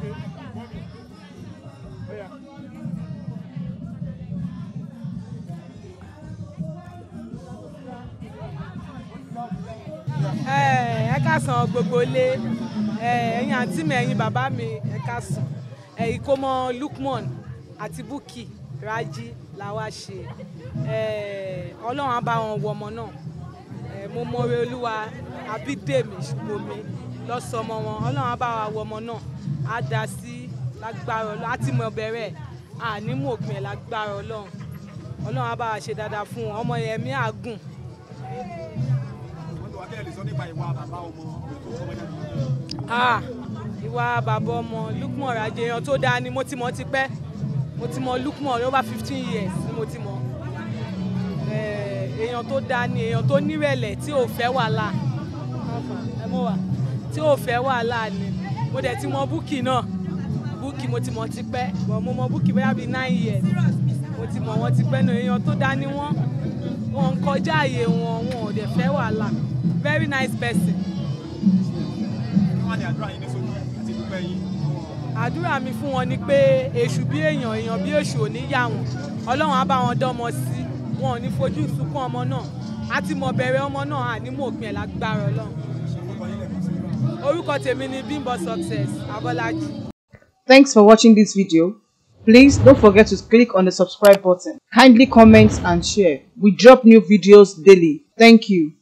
Okay. Yeah. ẹ káàsán gbogbo ilé ẹ̀yin àǹtí mi ẹ̀yin bàbá mi ẹ káàsán ẹ ìkómọ Lukman àti Bukky Raji la wá ṣe Ọlọ́run á bá wọn wọ ọmọ náà mo mọre Olúwa Abídèmí Ṣùgbọ́mi lọ́sọmọ wọn Ọlọ́run á bá wa wọ ọmọ náà á dá sí lágbára ọlọ́run á ti mọ̀ bẹ̀rẹ̀ àní mò pin ẹ̀ lágbára ọlọ́run ọlọ́run á bá wa ṣe dáadáa fún wọn ọmọ yẹn mi àgùn. ìwà bàbá ọmọ Lukman Raje èèyàn tó dáa ni mo ti mọ̀ tipẹ́ mo ti mọ̀ Lukman over fifteen years ni mo ti mọ̀ èèyàn tó dáa ni èèyàn tó nírẹ̀lẹ̀ tí ò fẹ́ wàhálà tí ò fẹ́ wàhálà ni mo dẹ̀ ti mọ Bukky náà Bukky mo ti mọ tipẹ́ mo mọ Bukky bóyá bíi nine years mo ti mọ wọn tipẹ́ náà èèyàn tó dání wọn wọn kọjá àyè wọn wọn ò dẹ̀ fẹ́ wàhálà very nice person. àdúrà mi fún wọn ni pé èṣù bí èèyàn èèyàn bí èṣù ò ní yà wọn ọlọ́run á bá wọn dánmọ sí wọn ò ní fojú sunkún ọmọ náà á ti mọ bẹ̀rẹ̀ ọmọ náà àní mò pin ẹ̀ lágbára ọlọ́run orúkọ tèmi ni Bimbo Success Abọ́lájí. Thanks for watching this video. Please don't forget to click on the subscribe button. Kindly comment and share. We drop new videos daily. Thank you.